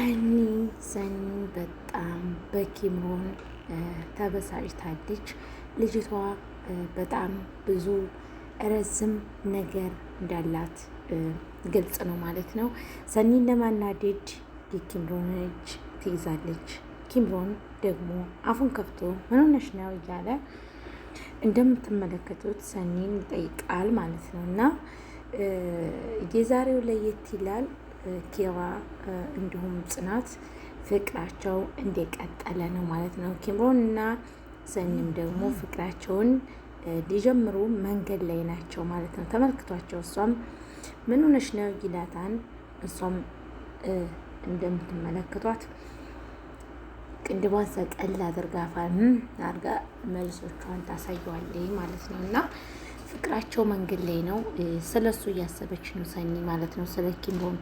ሰኒ ሰኒ በጣም በኪምሮን ተበሳጭታለች። ልጅቷ በጣም ብዙ ረዝም ነገር እንዳላት ግልጽ ነው ማለት ነው። ሰኒን ለማናደድ የኪምሮን እጅ ትይዛለች። ኪምሮን ደግሞ አፉን ከፍቶ ምን ሆነሽ ነው እያለ እንደምትመለከቱት ሰኒን ይጠይቃል ማለት ነው። እና የዛሬው ለየት ይላል። ኬራ እንዲሁም ጽናት ፍቅራቸው እንደቀጠለ ነው ማለት ነው። ኪምሮን እና ሰኒም ደግሞ ፍቅራቸውን ሊጀምሩ መንገድ ላይ ናቸው ማለት ነው። ተመልክቷቸው እሷም ምን ሆነሽ ነው ይላታን። እሷም እንደምትመለከቷት ቅንድቧን ሰቀል አድርጋ አድርጋ መልሶቿን ታሳየዋለች ማለት ነው እና ፍቅራቸው መንገድ ላይ ነው። ስለ እሱ እያሰበች ነው ሰኒ ማለት ነው። ስለ ኪምሮን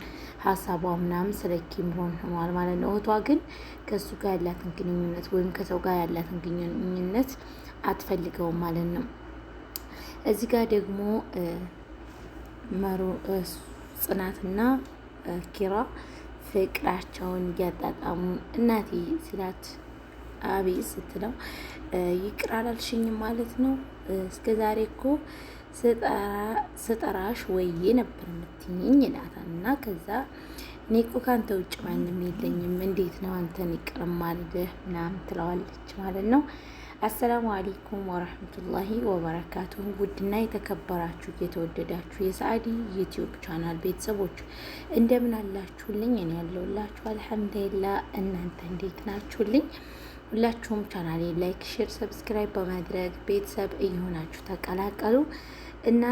ሀሳቧ ምናምን ስለ ኪምሮን ሆኗል ማለት ነው። እህቷ ግን ከእሱ ጋር ያላትን ግንኙነት ወይም ከሰው ጋር ያላትን ግንኙነት አትፈልገውም ማለት ነው። እዚህ ጋር ደግሞ መሮ ጽናትና ኪራ ፍቅራቸውን እያጣጣሙ እናቴ ስላት አብይ ስትለው ይቅር ማለት ነው። እስከ ዛሬ እኮ ስጠራሽ ወዬ ነበር የምትኝኝ ይላታል። እና ከዛ እኔ እኮ ከአንተ ውጭ ማንም የለኝም፣ እንዴት ነው አንተን ይቅር ማልልህ ምናምን ትለዋለች ማለት ነው። አሰላሙ አሌይኩም ወረህመቱላሂ ወበረካቱ ውድና የተከበራችሁ የተወደዳችሁ የሰአዲ ዩቲዩብ ቻናል ቤተሰቦች እንደምን አላችሁልኝ? እኔ ያለውላችሁ አልሐምዱሊላህ። እናንተ እንዴት ናችሁልኝ? ሁላችሁም ቻናሌ ላይክ፣ ሼር፣ ሰብስክራይብ በማድረግ ቤተሰብ እየሆናችሁ ተቀላቀሉ እና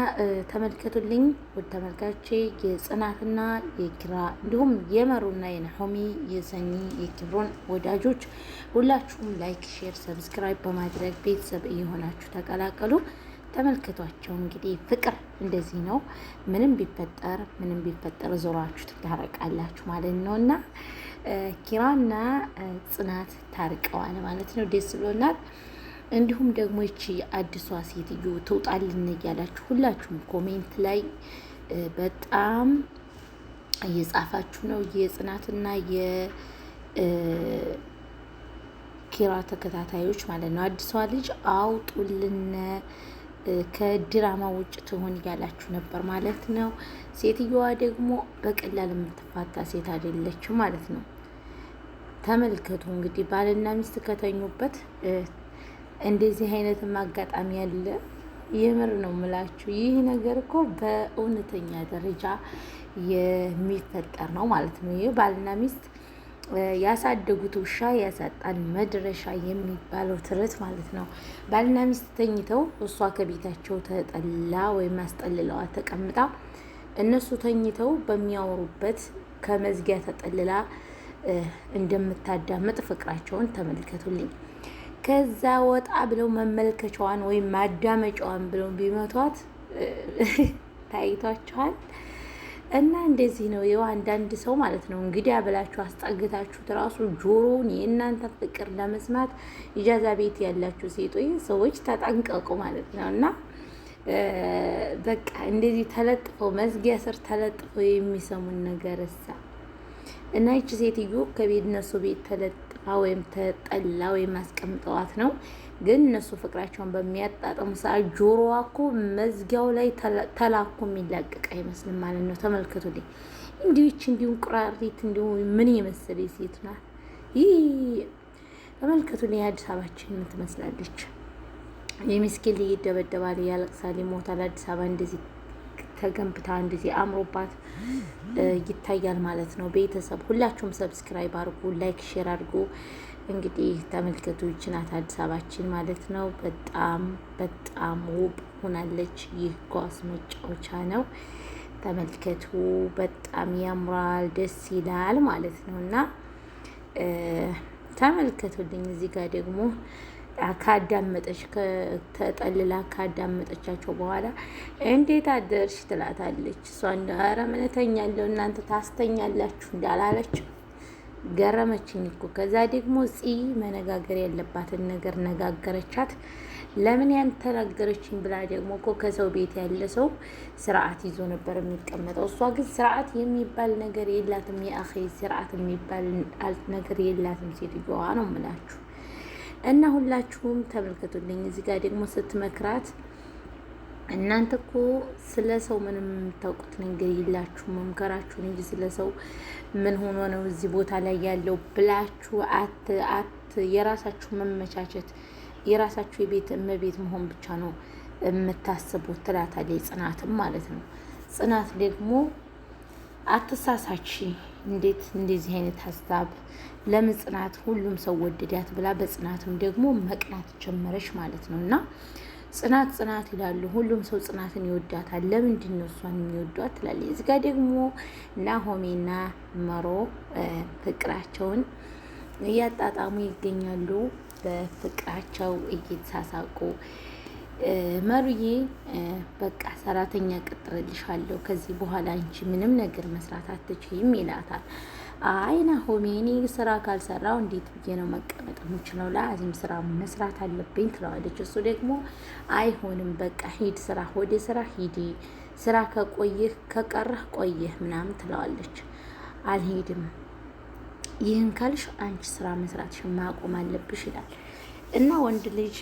ተመልከቱልኝ። ውድ ተመልካቼ የጽናትና የኪራ እንዲሁም የመሩና የናሆሚ የሰኒ የኪብሮን ወዳጆች ሁላችሁም ላይክ፣ ሼር፣ ሰብስክራይብ በማድረግ ቤተሰብ እየሆናችሁ ተቀላቀሉ። ተመልከቷቸው እንግዲህ ፍቅር እንደዚህ ነው። ምንም ቢፈጠር ምንም ቢፈጠር ዞራችሁ ትታረቃላችሁ ማለት ነው እና ኪራና ጽናት ታርቀዋል ማለት ነው። ደስ ብሎናል። እንዲሁም ደግሞ ይቺ አዲሷ ሴትዮ ትውጣልን እያላችሁ ሁላችሁም ኮሜንት ላይ በጣም እየጻፋችሁ ነው። የጽናትና የኪራ ተከታታዮች ማለት ነው። አዲሷ ልጅ አውጡልን ከድራማ ውጭ ትሆን እያላችሁ ነበር ማለት ነው። ሴትየዋ ደግሞ በቀላል የምትፋታ ሴት አይደለችም ማለት ነው። ተመልከቱ እንግዲህ ባልና ሚስት ከተኙበት እንደዚህ አይነትም አጋጣሚ ያለ የምር ነው ምላችሁ። ይህ ነገር እኮ በእውነተኛ ደረጃ የሚፈጠር ነው ማለት ነው። ይህ ባልና ሚስት ያሳደጉት ውሻ ያሳጣል መድረሻ የሚባለው ትርት ማለት ነው። ባልና ሚስት ተኝተው እሷ ከቤታቸው ተጠላ ወይም አስጠልለዋ ተቀምጣ እነሱ ተኝተው በሚያወሩበት ከመዝጊያ ተጠልላ እንደምታዳምጥ ፍቅራቸውን ተመልከቱልኝ። ከዛ ወጣ ብለው መመልከቻዋን ወይም ማዳመጫዋን ብለው ቢመቷት ታይቷቸዋል። እና እንደዚህ ነው የው አንዳንድ ሰው ማለት ነው እንግዲህ ብላችሁ አስጠግታችሁት ራሱ ጆሮውን የእናንተ ፍቅር ለመስማት ኢጃዛ ቤት ያላችሁ ሴቶች ሰዎች ተጠንቀቁ ማለት ነው። እና በቃ እንደዚህ ተለጥፈው መዝጊያ ስር ተለጥፈው የሚሰሙን ነገር እሳ እና ይቺ ሴትዮ ከቤት ነሱ ቤት ተለጥ ወይም ተጠላ ወይም አስቀምጠዋት ነው። ግን እነሱ ፍቅራቸውን በሚያጣጥሙ ሰዓት ጆሮዋ እኮ መዝጊያው ላይ ተላኮ የሚላቀቅ አይመስልም ማለት ነው። ተመልከቱልኝ። እንዲች እንዲሁ ቁራሪት እንዲሁ ምን የመሰለ ሴት ናት። ይህ ተመልከቱልኝ። የአዲስ አበባችን ምን ትመስላለች? የሚስኪን ይደበደባል፣ ያለቅሳል፣ ይሞታል። አዲስ አበባ እንደዚህ ተገንብታ እንደዚህ አምሮባት ይታያል ማለት ነው። ቤተሰብ ሁላችሁም ሰብስክራይብ አድርጉ፣ ላይክ ሼር አድርጉ። እንግዲህ ተመልከቱ፣ ይህች ናት አዲስ አበባችን ማለት ነው። በጣም በጣም ውብ ሆናለች። ይህ ኳስ መጫወቻ ነው። ተመልከቱ፣ በጣም ያምራል፣ ደስ ይላል ማለት ነው እና ተመልከቱልኝ። እዚህ ጋር ደግሞ ካዳመጠች ተጠልላ ካዳመጠቻቸው በኋላ እንዴት አደርሽ ትላታለች። እሷ ኧረ ምን እተኛለሁ እናንተ ታስተኛላችሁ እንዳላለች ገረመችኝ እኮ። ከዛ ደግሞ ፂ መነጋገር ያለባትን ነገር ነጋገረቻት። ለምን ያልተናገረችኝ ብላ ደግሞ እኮ ከሰው ቤት ያለ ሰው ስርዓት ይዞ ነበር የሚቀመጠው። እሷ ግን ስርዓት የሚባል ነገር የላትም። የአኼ ስርዓት የሚባል ነገር የላትም ሴትዮዋ ነው ምላችሁ እና ሁላችሁም ተመልከቱልኝ። እዚህ ጋር ደግሞ ስትመክራት እናንተ እኮ ስለ ሰው ምንም የምታውቁት ነገር የላችሁ፣ መምከራችሁን እንጂ ስለ ሰው ምን ሆኖ ነው እዚህ ቦታ ላይ ያለው ብላችሁ አት አት የራሳችሁ መመቻቸት የራሳችሁ የቤት እመቤት መሆን ብቻ ነው የምታስቡት ትላታለች ጽናትም ማለት ነው። ጽናት ደግሞ አትሳሳች እንዴት እንደዚህ አይነት ሀሳብ ለምጽናት ሁሉም ሰው ወደዳት ብላ በጽናትም ደግሞ መቅናት ጀመረች ማለት ነው። እና ጽናት ጽናት ይላሉ፣ ሁሉም ሰው ጽናትን ይወዳታል። ለምንድን ነው እሷን የሚወዷት ትላለ። እዚህ ጋር ደግሞ ናሆሜና መሮ ፍቅራቸውን እያጣጣሙ ይገኛሉ። በፍቅራቸው እየተሳሳቁ መሩዬ በቃ ሰራተኛ ቀጥረልሻለሁ ከዚህ በኋላ እንጂ ምንም ነገር መስራት አትችይም ይላታል። አይ ናሆሜ እኔ ስራ ካልሰራው እንዴት ብዬ ነው መቀመጥ የምችለው? ለአዚም ስራ መስራት አለብኝ ትለዋለች። እሱ ደግሞ አይሆንም በቃ ሂድ ስራ ወደ ስራ ሂድ፣ ስራ ከቆየህ ከቀረህ ቆየህ ምናምን ትለዋለች። አልሄድም፣ ይህን ካልሽ አንቺ ስራ መስራትሽን ማቆም አለብሽ ይላል። እና ወንድ ልጅ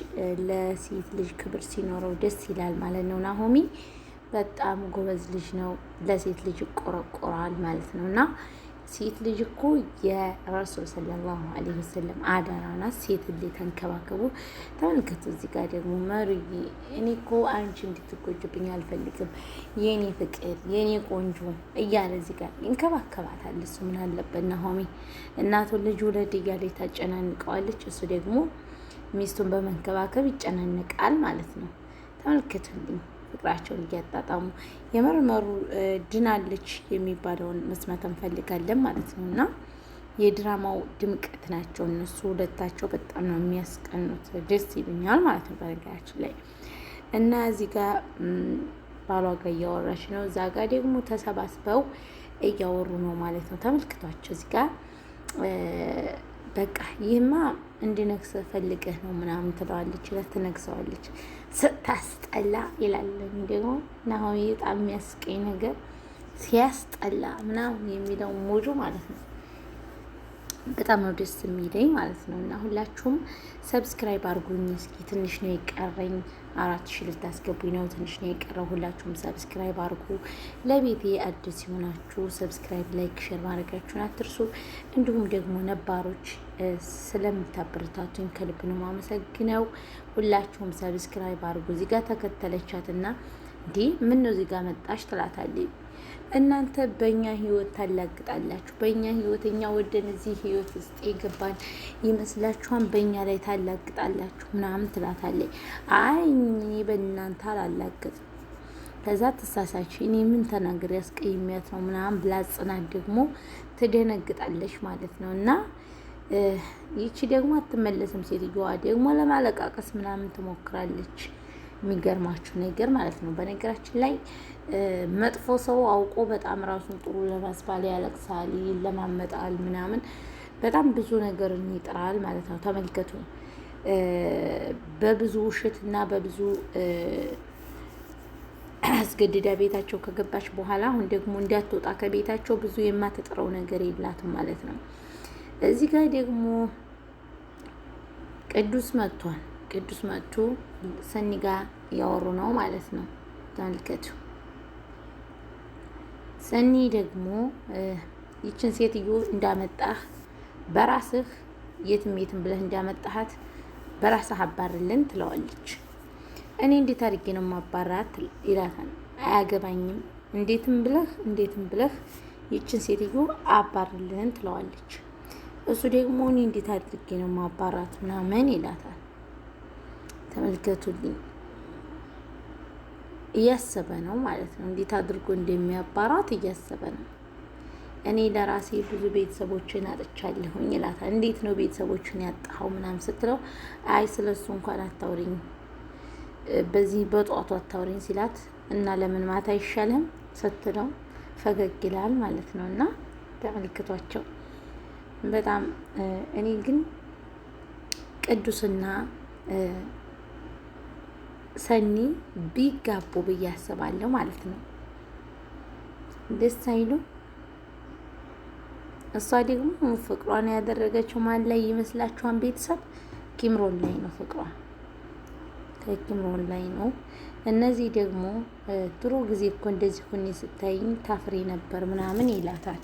ለሴት ልጅ ክብር ሲኖረው ደስ ይላል ማለት ነው። ናሆሚ በጣም ጎበዝ ልጅ ነው። ለሴት ልጅ ይቆረቆራል ማለት ነው እና ሴት ልጅ እኮ የረሱል ሰለላሁ አለይሂ ወሰለም አደራ ናት። ሴት ልጅ ተንከባከቡ። ተመልከቱ። እዚህ ጋር ደግሞ መሩዬ፣ እኔ እኮ አንቺ እንድትጎጅብኝ አልፈልግም፣ የኔ ፍቅር፣ የኔ ቆንጆ እያለ እዚህ ጋር ይንከባከባታል። እሱ ምን አለበት ናሆሚ እናቱ ልጅ ውለድ እያለ ታጨናንቀዋለች። እሱ ደግሞ ሚስቱን በመንከባከብ ይጨናነቃል ማለት ነው። ተመልከቱልኝ ፍቅራቸውን እያጣጣሙ የመርመሩ ድናለች የሚባለውን መስማት እንፈልጋለን ማለት ነው እና የድራማው ድምቀት ናቸው እነሱ ሁለታቸው በጣም ነው የሚያስቀኑት። ደስ ይሉኛል ማለት ነው። በነገራችን ላይ እና እዚህ ጋር ባሏ ጋር እያወራች ነው፣ እዛ ጋር ደግሞ ተሰባስበው እያወሩ ነው ማለት ነው። ተመልክቷቸው እዚህ ጋር በቃ ይህማ እንዲነግስ ፈልገህ ነው ምናምን ትለዋለች። ትነግሰዋለች። ስታስጠላ ይላል ደግሞ ናሆሚ። በጣም የሚያስቀኝ ነገር ሲያስጠላ ምናምን የሚለው ሞጁ ማለት ነው። በጣም ነው ደስ የሚለኝ ማለት ነው። እና ሁላችሁም ሰብስክራይብ አርጉኝ። እስኪ ትንሽ ነው የቀረኝ፣ አራት ሺ ልታስገቡኝ ነው። ትንሽ ነው የቀረው። ሁላችሁም ሰብስክራይብ አርጉ። ለቤቴ አዲስ ሲሆናችሁ ሰብስክራይብ፣ ላይክ፣ ሼር ማድረጋችሁን አትርሱ። እንዲሁም ደግሞ ነባሮች ስለምታበረታቱኝ ከልብ ነው ማመሰግነው። ሁላችሁም ሰብስክራይብ አርጉ። እዚጋ ተከተለቻት እና እንዲህ ምን ነው እዚጋ መጣሽ ትላታለች እናንተ በእኛ ህይወት ታላግጣላችሁ። በእኛ ህይወት እኛ ወደን እዚህ ህይወት ውስጥ የገባን ይመስላችኋን በእኛ ላይ ታላግጣላችሁ ምናምን ትላታለች። አይ እኔ በእናንተ አላላግጥ ከዛ ትሳሳች እኔ ምን ተናገር ያስቀይሚያት ነው ምናምን ብላ ጽናት ደግሞ ትደነግጣለች ማለት ነው እና ይቺ ደግሞ አትመለስም። ሴትዮዋ ደግሞ ለማለቃቀስ ምናምን ትሞክራለች። የሚገርማችሁ ነገር ማለት ነው። በነገራችን ላይ መጥፎ ሰው አውቆ በጣም ራሱን ጥሩ ለማስባል ያለቅሳል፣ ይለማመጣል፣ ምናምን በጣም ብዙ ነገርን ይጥራል ማለት ነው። ተመልከቱ። በብዙ ውሸት እና በብዙ አስገድዳ ቤታቸው ከገባች በኋላ አሁን ደግሞ እንዳትወጣ ከቤታቸው ብዙ የማትጥረው ነገር የላትም ማለት ነው። እዚህ ጋር ደግሞ ቅዱስ መጥቷል። ቅዱስ መጥቶ ሰኒ ጋር እያወሩ ነው ማለት ነው። ተመልከቱ። ሰኒ ደግሞ ይችን ሴትዮ እንዳመጣህ በራስህ የትም የትም ብለህ እንዳመጣሃት በራስህ አባርልን ትለዋለች። እኔ እንዴት አድርጌ ነው ማባራት ይላታል። አያገባኝም፣ እንዴትም ብለህ እንዴትም ብለህ ይችን ሴትዮ አባርልን ትለዋለች። እሱ ደግሞ እኔ እንዴት አድርጌ ነው ማባራት ምናምን ይላታል። ተመልከቱልኝ እያሰበ ነው ማለት ነው። እንዴት አድርጎ እንደሚያባራት እያሰበ ነው። እኔ ለራሴ ብዙ ቤተሰቦችን አጥቻለሁኝ ይላታል። እንዴት ነው ቤተሰቦችን ያጣኸው ምናም ስትለው አይ ስለሱ እንኳን አታውሪኝ፣ በዚህ በጧቱ አታውሪኝ ሲላት እና ለምን ማታ አይሻልም ስትለው ፈገግ ይላል ማለት ነው። እና ተመልክቷቸው በጣም እኔ ግን ቅዱስና ሰኒ ቢጋቡ ብዬ አስባለሁ ማለት ነው። ደስ አይሉ። እሷ ደግሞ ፍቅሯን ያደረገችው ማን ላይ ይመስላችኋን? ቤተሰብ ኪምሮን ላይ ነው ፍቅሯ ከኪምሮን ላይ ነው። እነዚህ ደግሞ ድሮ ጊዜ እኮ እንደዚህ ሁኔ ስታይኝ ታፍሬ ነበር ምናምን ይላታል።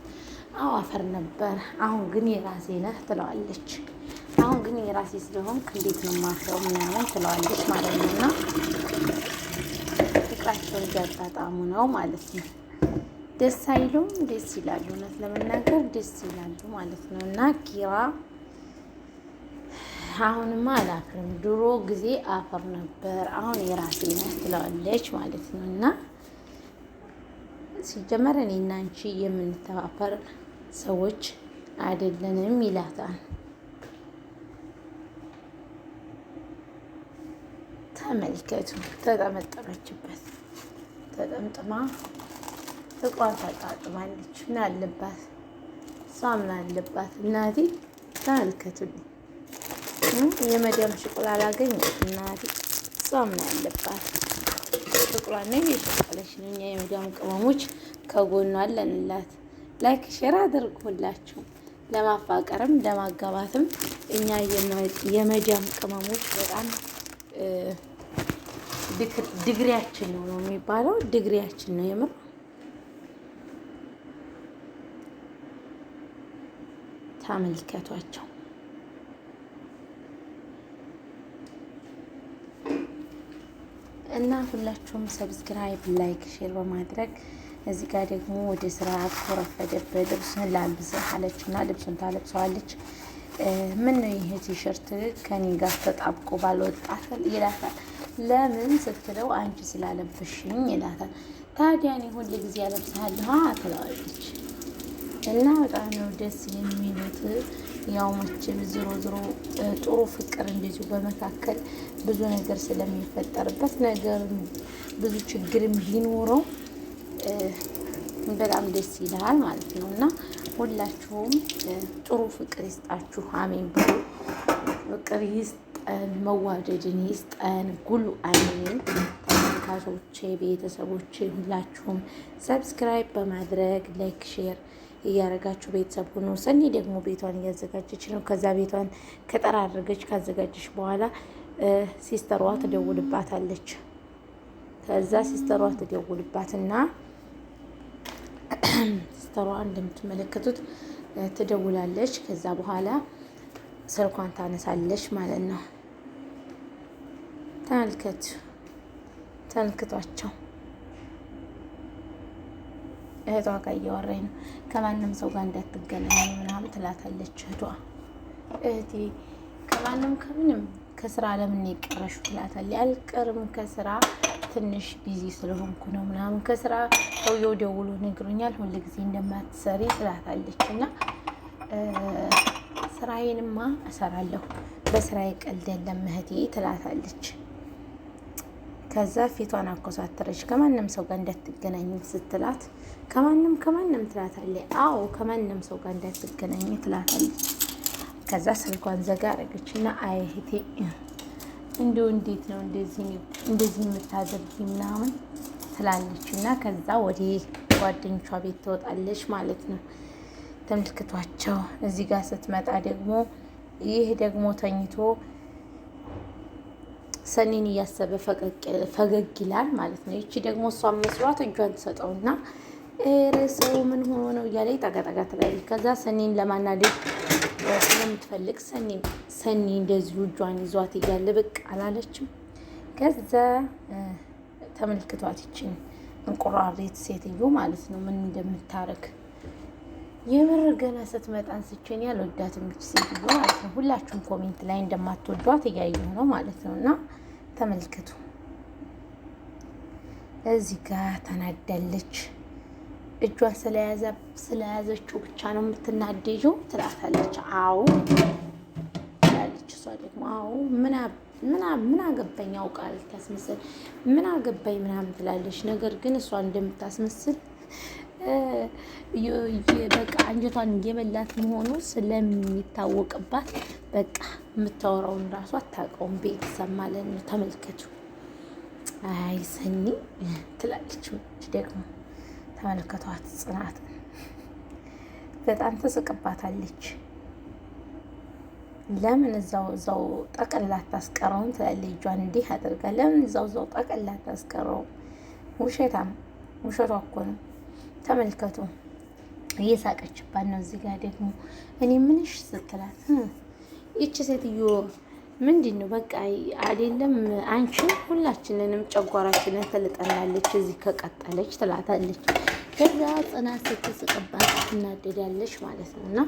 አዎ አፈር ነበር፣ አሁን ግን የራሴ ነህ ትለዋለች። አሁን ግን የራሴ ስለሆንክ እንዴት ነው ማፍረው ምናምን ትለዋለች ማለት ነው። እና ፍቅራቸውን እያጣጣሙ ነው ማለት ነው። ደስ አይሉም፣ ደስ ይላሉ። እውነት ለመናገር ደስ ይላሉ ማለት ነው። እና ኪራ አሁንማ አላፍርም፣ ድሮ ጊዜ አፈር ነበር፣ አሁን የራሴ ነው ትለዋለች ማለት ነው። እና ሲጀመር እኔና አንቺ የምንተባበር ሰዎች አይደለንም ይላታል። ተመልከቱ። ተጠመጠመችበት። ተጠምጥማ እቋን ታጣጥማለች። ምን አለባት? እሷ ምን አለባት? እናቴ ተመልከቱልኝ። የመዲያም ሽቁላ አላገኝ እናቴ እሷ ምን አለባት? ሽቁላና የሸቀለች ነው። እኛ የመዲያም ቅመሞች ከጎኗ አለንላት። ላይክ ሼር አድርጉላችሁ። ለማፋቀርም ለማጋባትም እኛ የመዲያም ቅመሞች በጣም ድግሪያችን ነው ነው የሚባለው። ድግሪያችን ነው የምር ተመልከቷቸው። እና ሁላችሁም ሰብስክራይብ፣ ላይክ፣ ሼር በማድረግ እዚህ ጋር ደግሞ ወደ ስራ አኮረፈደብ ልብስን ላልብስህ አለች እና ልብሱን ታለብሰዋለች። ምን ነው ይሄ ቲሸርት ከኔ ጋር ተጣብቆ ባልወጣት ይላታል። ለምን ስትለው አንቺ ስላለብሽኝ ይላታል። ታዲያ እኔ ሁል ጊዜ ያለብስሃለሁ ትለዋለች። እና በጣም ነው ደስ የሚሉት። ያው መቼም ዝሮ ዝሮ ጥሩ ፍቅር እንደዚሁ በመካከል ብዙ ነገር ስለሚፈጠርበት ነገር ብዙ ችግርም ቢኖረው በጣም ደስ ይላል ማለት ነው። እና ሁላችሁም ጥሩ ፍቅር ይስጣችሁ። አሜን ብሎ ፍቅር ይስጥ ይስጠን፣ መዋደድን ይስጠን። ጉሉ አይኔን ተመልካቾቼ፣ ቤተሰቦቼ ሁላችሁም ሰብስክራይብ በማድረግ ላይክ፣ ሼር እያረጋችሁ ቤተሰብ ሁኑ። ሰኒ ደግሞ ቤቷን እያዘጋጀች ነው። ከዛ ቤቷን አድርገች ካዘጋጀች በኋላ ሲስተሯ ትደውልባታለች። ከዛ ሲስተሯ ትደውልባትና ሲስተሯ እንደምትመለከቱት ትደውላለች። ከዛ በኋላ ስልኳን ታነሳለች ማለት ነው። ተመልከቱ፣ ተመልክቷቸው እህቷ ጋር እያወራኝ ነው። ከማንም ሰው ጋር እንዳትገናኝ ምናምን ትላታለች እህቷ። እህቴ ከማንም ከምንም ከስራ ለምን የቀረሽ ትላታለች። አልቀርም ከስራ ትንሽ ቢዚ ስለሆንኩ ነው ምናምን ከስራ ሰውየው ደውሎ ነግሮኛል ሁልጊዜ እንደማትሰሪ ትላታለች እና ስራዬንማ እሰራለሁ፣ በስራዬ ቀልድ የለም እህቴ ትላታለች። ከዛ ፊቷን አኮሳተረች። ከማንም ሰው ጋር እንዳትገናኝ ስትላት ከማንም ከማንም ትላታለች። አዎ ከማንም ሰው ጋር እንዳትገናኝ ትላታለች። ከዛ ስልኳን ዘጋ አረገች እና አይ እህቴ እንዲሁ እንዴት ነው እንደዚህ የምታደርጊ ምናምን ትላለች እና ከዛ ወደ ጓደኞቿ ቤት ትወጣለች ማለት ነው። ተመልክቷቸው እዚህ ጋር ስትመጣ ደግሞ ይህ ደግሞ ተኝቶ ሰኒን እያሰበ ፈገግ ይላል ማለት ነው። ይቺ ደግሞ እሷ መስሏት እጇን ትሰጠውና ሰው ምን ሆኖ ነው እያለ ጠጋጠጋ ትላለች። ከዛ ሰኒን ለማናደድ ስለምትፈልግ ሰኒ እንደዚሁ እጇን ይዟት እያለ ብቅ አላለችም። ከዛ ተመልክቷት ይችን እንቁራሪት ሴትዮ ማለት ነው ምን እንደምታረግ የምር ገና ስትመጣ አንስቼን ያልወዳት ልጅ ሴትዮ ማለት ነው። ሁላችሁም ኮሜንት ላይ እንደማትወዷት እያየሁ ነው ማለት ነው። እና ተመልከቱ፣ እዚህ ጋር ተናዳለች። እጇን ስለያዘችው ብቻ ነው የምትናደጀው ትላታለች። አዎ ትላለች። እሷ ደግሞ አዎ ምን አገባኝ አውቃል ታስመስል ምን አገባኝ ምናምን ትላለች። ነገር ግን እሷ እንደምታስመስል በቃ አንጀቷን እየበላት መሆኑ ስለሚታወቅባት በቃ የምታወራውን ራሱ አታውቀውም። ቤተሰብ ማለት ነው። ተመልከቱ። አይ ሰኒ ትላለች ደግሞ ተመልከቷት። ጽናት በጣም ተስቅባታለች። ለምን እዛው እዛው ጠቅልላ አታስቀረውም? ትላለች እጇን እንዲህ አድርጋ ለምን እዛው እዛው ጠቅልላ አታስቀረውም? ውሸታም ውሸቷ እኮ ነው። ተመልከቱ። እየሳቀችባት ነው። እዚህ ጋር ደግሞ እኔ ምንሽ ስትላት ይቺ ሴትዮ ምንድን ነው በቃ አይደለም አንቺ ሁላችንንም ጨጓራችንን ትልጠናለች እዚህ ከቀጠለች ትላታለች። ከዛ ጽናት ስትስቅባት ትናደዳለች ማለት ነው። እና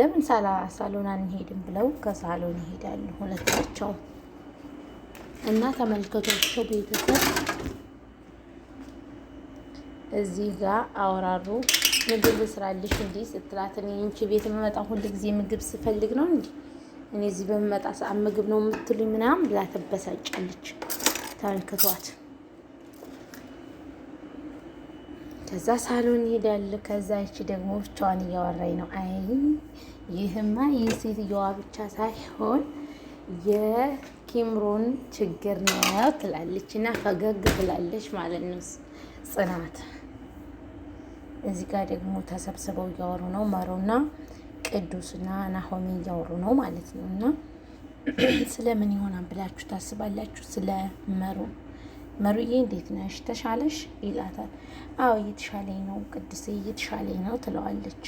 ለምን ሳላ ሳሎን አንሄድም ብለው ከሳሎን ይሄዳሉ ሁለታቸው እና ተመልከቷቸው ቤተሰብ እዚህ ጋር አወራሩ ምግብ ስራልሽ እንዲህ ስትላት እኔ አንቺ ቤት የምመጣ ሁልጊዜ ምግብ ስፈልግ ነው እንዲ እኔ እዚህ በምመጣ ሰዓት ምግብ ነው የምትሉኝ ምናምን ብላ ተበሳጫለች። ታንክቷት ከዛ ሳሎን ይሄዳል። ከዛ ይቺ ደግሞ ብቻዋን እያወራኝ ነው። አይ ይህማ የሴትዮዋ ብቻ ሳይሆን የኪምሮን ችግር ነው ትላለች እና ፈገግ ትላለች ማለት ነው ጽናት እዚህ ጋር ደግሞ ተሰብስበው እያወሩ ነው። መሮና ቅዱስና ናሆሚ እያወሩ ነው ማለት ነው። እና ስለምን ይሆናል ብላችሁ ታስባላችሁ? ስለ መሩ መሩዬ እንዴት ነሽ ተሻለሽ? ይላታል። አዎ እየተሻለኝ ነው ቅዱሴ እየተሻለኝ ነው ትለዋለች።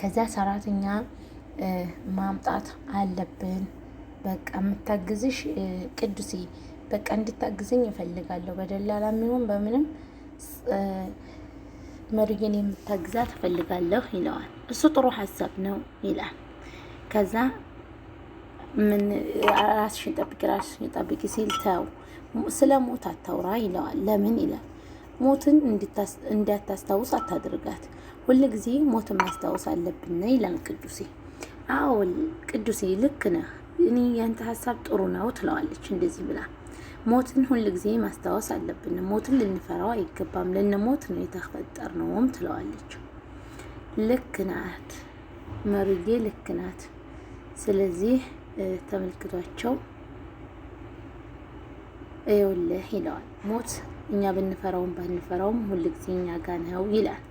ከዚያ ሰራተኛ ማምጣት አለብን። በቃ የምታግዝሽ ቅዱሴ፣ በቃ እንድታግዘኝ እፈልጋለሁ። በደላላ የሚሆን በምንም መሪን የምታግዛ ትፈልጋለሁ ይለዋል። እሱ ጥሩ ሀሳብ ነው ይላል። ከዛ ምን ራስሽን ጠብቂ፣ ራስሽን ጠብቂ ሲል ተው ስለ ሞት አታውራ ይለዋል። ለምን ይላል። ሞትን እንዳታስታውስ አታድርጋት፣ ሁል ጊዜ ሞትን ማስታወስ አለብን ይላል ቅዱሴ። አዎ ቅዱሴ ልክ ነህ፣ እኔ ያንተ ሀሳብ ጥሩ ነው ትለዋለች እንደዚህ ብላ ሞትን ሁልጊዜ ማስታወስ አለብን። ሞትን ልንፈራው አይገባም። ልንሞት ነው የተፈጠር ነውም ትለዋለች። ልክ ናት መሩዬ፣ ልክ ናት። ስለዚህ ተመልክቷቸው ይኸውልህ ይለዋል። ሞት እኛ ብንፈራውም ባንፈራውም ሁልጊዜ እኛ ጋ ነው ይላል።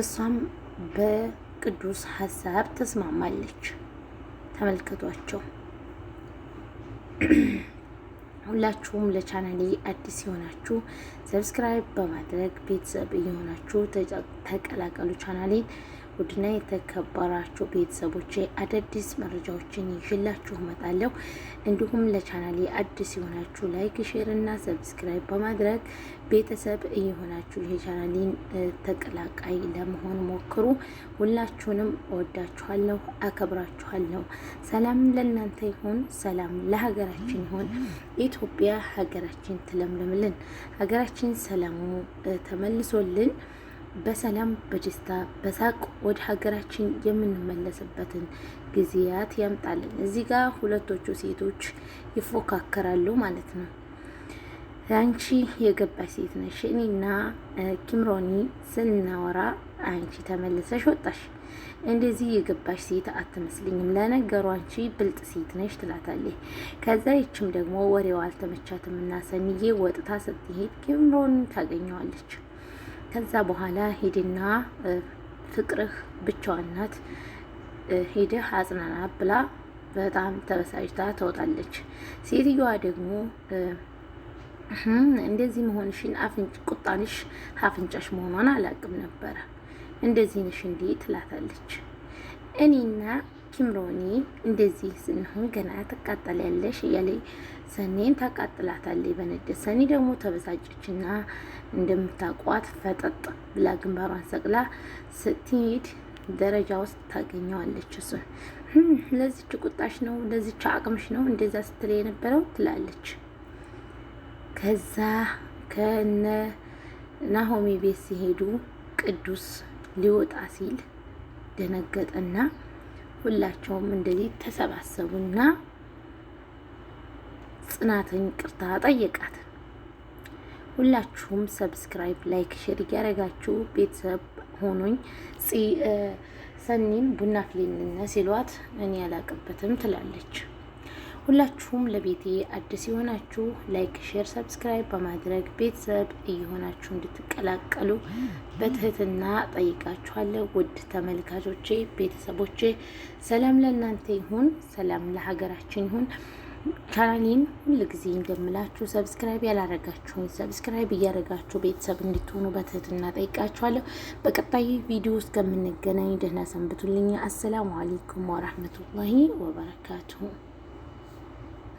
እሷም በቅዱስ ሀሳብ ተስማማለች። ተመልክቷቸው ሁላችሁም ለቻናሌ አዲስ የሆናችሁ ሰብስክራይብ በማድረግ ቤተሰብ እየሆናችሁ ተቀላቀሉ ቻናሌን። ውድና የተከበራችሁ ቤተሰቦች አዳዲስ መረጃዎችን ይዤላችሁ እመጣለሁ። እንዲሁም ለቻናል አዲስ የሆናችሁ ላይክ፣ ሼር እና ሰብስክራይብ በማድረግ ቤተሰብ እየሆናችሁ የቻናሌን ተቀላቃይ ለመሆን ሞክሩ። ሁላችሁንም ወዳችኋለሁ፣ አከብራችኋለሁ። ሰላም ለእናንተ ይሁን፣ ሰላም ለሀገራችን ይሁን። ኢትዮጵያ ሀገራችን ትለምልምልን፣ ሀገራችን ሰላሙ ተመልሶልን በሰላም በደስታ በሳቅ ወደ ሀገራችን የምንመለስበትን ጊዜያት ያምጣልን። እዚህ ጋር ሁለቶቹ ሴቶች ይፎካከራሉ ማለት ነው። አንቺ የገባሽ ሴት ነሽ፣ እኔና ኪምሮኒ ስናወራ አንቺ ተመልሰሽ ወጣሽ። እንደዚህ የገባሽ ሴት አትመስልኝም። ለነገሩ አንቺ ብልጥ ሴት ነሽ ትላታለች። ከዛ ይችም ደግሞ ወሬው አልተመቻትም እና ወጥታ ስትሄድ ኪምሮኒ ታገኘዋለች። ከዛ በኋላ ሂድና ፍቅርህ ብቻዋን ናት ሂድህ አጽናና ብላ በጣም ተበሳጭታ ተወጣለች። ሴትዮዋ ደግሞ እንደዚህ መሆንሽን አፍንጭ ቁጣንሽ አፍንጫሽ መሆኗን አላቅም ነበረ እንደዚህ ነሽ እንዴ ትላታለች እኔና ኪምሮኒ እንደዚህ ስንሆን ገና ትቃጠል ያለሽ እያለ ሰኔን ታቃጥላታለች በነደድ ሰኔ ደግሞ ተበሳጨችና እንደምታቋት ፈጠጥ ብላ ግንባሯን ሰቅላ ስትሄድ ደረጃ ውስጥ ታገኘዋለች። እሱን ለዚች ቁጣሽ ነው ለዚች አቅምሽ ነው እንደዛ ስትል የነበረው ትላለች። ከዛ ከነ ናሆሚ ቤት ሲሄዱ ቅዱስ ሊወጣ ሲል ደነገጠና ሁላቸውም እንደዚህ ተሰባሰቡና ጽናትን ቅርታ ጠየቃት። ሁላችሁም ሰብስክራይብ፣ ላይክ፣ ሼር እያደረጋችሁ ቤተሰብ ሆኖኝ ሰኒን ቡና ፍሌንነ ሲሏት እኔ ያላቅበትም ትላለች። ሁላችሁም ለቤቴ አዲስ የሆናችሁ ላይክ፣ ሼር፣ ሰብስክራይብ በማድረግ ቤተሰብ እየሆናችሁ እንድትቀላቀሉ በትህትና ጠይቃችኋለሁ። ውድ ተመልካቾቼ፣ ቤተሰቦቼ ሰላም ለእናንተ ይሁን፣ ሰላም ለሀገራችን ይሁን። ቻናሌን ሁል ጊዜ እንደምላችሁ ሰብስክራይብ ያላረጋችሁን ሰብስክራይብ እያረጋችሁ ቤተሰብ እንድትሆኑ በትህትና ጠይቃችኋለሁ። በቀጣይ ቪዲዮ እስከምንገናኝ ደህና ሰንብቱልኝ። አሰላሙ አሌይኩም ወራህመቱላሂ ወበረካቱሁ።